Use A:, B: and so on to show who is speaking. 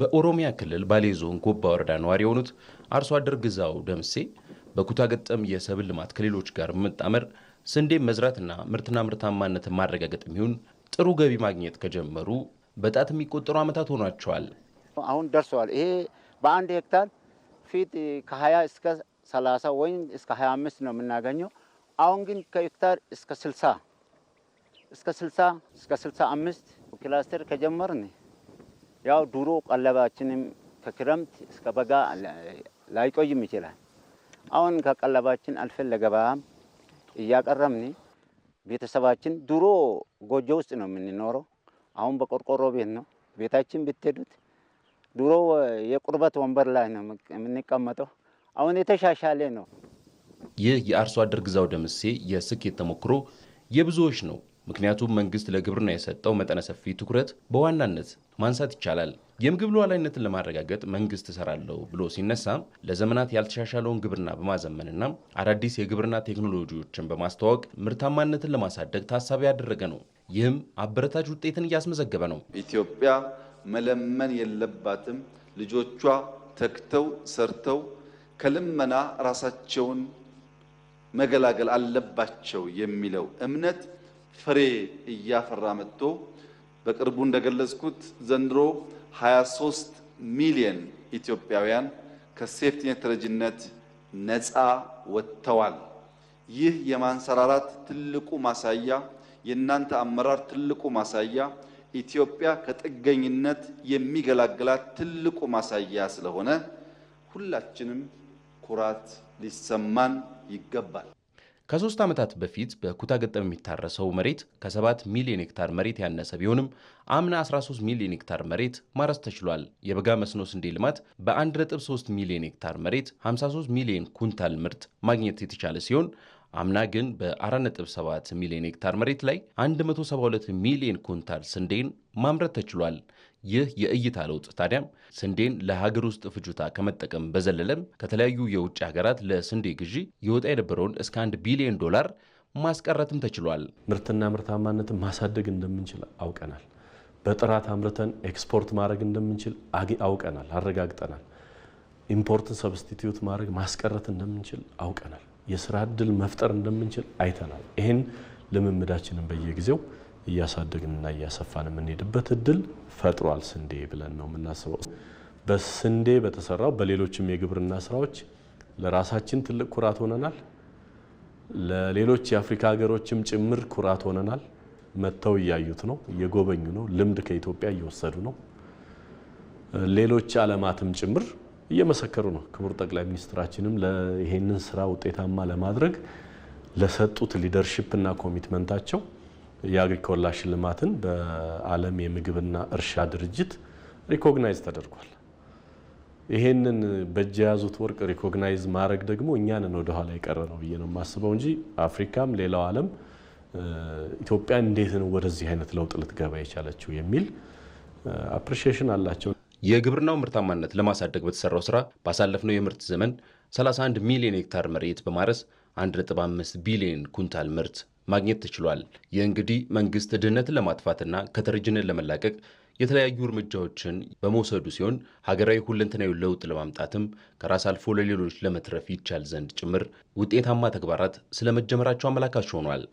A: በኦሮሚያ ክልል ባሌ ዞን ጎባ ወረዳ ነዋሪ የሆኑት አርሶ አደር ግዛው ደምሴ በኩታ ገጠም የሰብል ልማት ከሌሎች ጋር መጣመር ስንዴ መዝራትና ምርትና ምርታማነት ማረጋገጥ የሚሆን ጥሩ ገቢ ማግኘት ከጀመሩ በጣት የሚቆጠሩ ዓመታት ሆኗቸዋል።
B: አሁን ደርሰዋል። ይሄ በአንድ ሄክታር ፊት ከ20 እስከ 30 ወይም እስከ 25 ነው የምናገኘው። አሁን ግን ከሄክታር እስከ 60 እስከ 60 እስከ 65 ክላስተር ከጀመርን ያው ዱሮ ቀለባችንም ከክረምት እስከ በጋ ላይቆይም ይችላል። አሁን ከቀለባችን አልፈን ለገበያም እያቀረብን ቤተሰባችን ድሮ ጎጆ ውስጥ ነው የምንኖረው። አሁን በቆርቆሮ ቤት ነው ቤታችን ብትሄዱት። ድሮ የቁርበት ወንበር ላይ ነው የምንቀመጠው። አሁን የተሻሻለ ነው።
A: ይህ የአርሶ አደር ግዛው ደምሴ የስኬት ተሞክሮ የብዙዎች ነው። ምክንያቱም መንግስት ለግብርና የሰጠው መጠነ ሰፊ ትኩረት በዋናነት ማንሳት ይቻላል። የምግብ ሉዓላዊነትን ለማረጋገጥ መንግስት እሰራለሁ ብሎ ሲነሳ ለዘመናት ያልተሻሻለውን ግብርና በማዘመንና አዳዲስ የግብርና ቴክኖሎጂዎችን በማስተዋወቅ ምርታማነትን ለማሳደግ ታሳቢ ያደረገ ነው። ይህም አበረታች ውጤትን እያስመዘገበ ነው።
C: ኢትዮጵያ መለመን የለባትም። ልጆቿ ተክተው ሰርተው ከልመና ራሳቸውን መገላገል አለባቸው የሚለው እምነት ፍሬ እያፈራ መጥቶ በቅርቡ እንደገለጽኩት ዘንድሮ 23 ሚሊዮን ኢትዮጵያውያን ከሴፍቲኔት ተረጅነት ነፃ ወጥተዋል። ይህ የማንሰራራት ትልቁ ማሳያ፣ የእናንተ አመራር ትልቁ ማሳያ፣ ኢትዮጵያ ከጥገኝነት የሚገላግላት ትልቁ ማሳያ ስለሆነ ሁላችንም ኩራት ሊሰማን ይገባል።
A: ከሶስት ዓመታት በፊት በኩታ ገጠም የሚታረሰው መሬት ከ7 ሚሊዮን ሄክታር መሬት ያነሰ ቢሆንም አምና 13 ሚሊዮን ሄክታር መሬት ማረስ ተችሏል። የበጋ መስኖ ስንዴ ልማት በ1.3 ሚሊዮን ሄክታር መሬት 53 ሚሊዮን ኩንታል ምርት ማግኘት የተቻለ ሲሆን አምና ግን በ4.7 ሚሊዮን ሄክታር መሬት ላይ 172 ሚሊዮን ኩንታል ስንዴን ማምረት ተችሏል። ይህ የእይታ ለውጥ ታዲያም ስንዴን ለሀገር ውስጥ ፍጆታ ከመጠቀም በዘለለም ከተለያዩ የውጭ ሀገራት ለስንዴ ግዢ የወጣ የነበረውን እስከ አንድ ቢሊዮን ዶላር ማስቀረትም ተችሏል።
D: ምርትና ምርታማነትን ማሳደግ እንደምንችል አውቀናል። በጥራት አምርተን ኤክስፖርት ማድረግ እንደምንችል አውቀናል፣ አረጋግጠናል። ኢምፖርትን ሰብስቲትዩት ማድረግ ማስቀረት እንደምንችል አውቀናል። የስራ እድል መፍጠር እንደምንችል አይተናል። ይህን ልምምዳችንን በየጊዜው እያሳደግንና እያሰፋን የምንሄድበት እድል ፈጥሯል ስንዴ ብለን ነው የምናስበው። በስንዴ በተሰራው በሌሎችም የግብርና ስራዎች ለራሳችን ትልቅ ኩራት ሆነናል። ለሌሎች የአፍሪካ ሀገሮችም ጭምር ኩራት ሆነናል። መጥተው እያዩት ነው፣ እየጎበኙ ነው፣ ልምድ ከኢትዮጵያ እየወሰዱ ነው። ሌሎች ዓለማትም ጭምር እየመሰከሩ ነው። ክቡር ጠቅላይ ሚኒስትራችንም ይሄንን ስራ ውጤታማ ለማድረግ ለሰጡት ሊደርሽፕ እና ኮሚትመንታቸው የአግሪኮላ ሽልማትን በዓለም የምግብና እርሻ ድርጅት ሪኮግናይዝ ተደርጓል። ይሄንን በእጅ የያዙት ወርቅ ሪኮግናይዝ ማድረግ ደግሞ እኛንን ወደኋላ የቀረ ነው ብዬ ነው የማስበው እንጂ አፍሪካም ሌላው ዓለም ኢትዮጵያ እንዴት ነው ወደዚህ አይነት ለውጥ ልትገባ የቻለችው የሚል አፕሪሺዬሽን አላቸው።
A: የግብርናው ምርታማነት ለማሳደግ በተሰራው ስራ ባሳለፍነው የምርት ዘመን 31 ሚሊዮን ሄክታር መሬት በማረስ 1.5 ቢሊዮን ኩንታል ምርት ማግኘት ተችሏል። ይህ እንግዲህ መንግስት ድህነትን ለማጥፋትና ከተረጅነት ለመላቀቅ የተለያዩ እርምጃዎችን በመውሰዱ ሲሆን ሀገራዊ ሁለንተናዊ ለውጥ ለማምጣትም ከራስ አልፎ ለሌሎች ለመትረፍ ይቻል ዘንድ ጭምር ውጤታማ ተግባራት ስለመጀመራቸው አመላካች ሆኗል።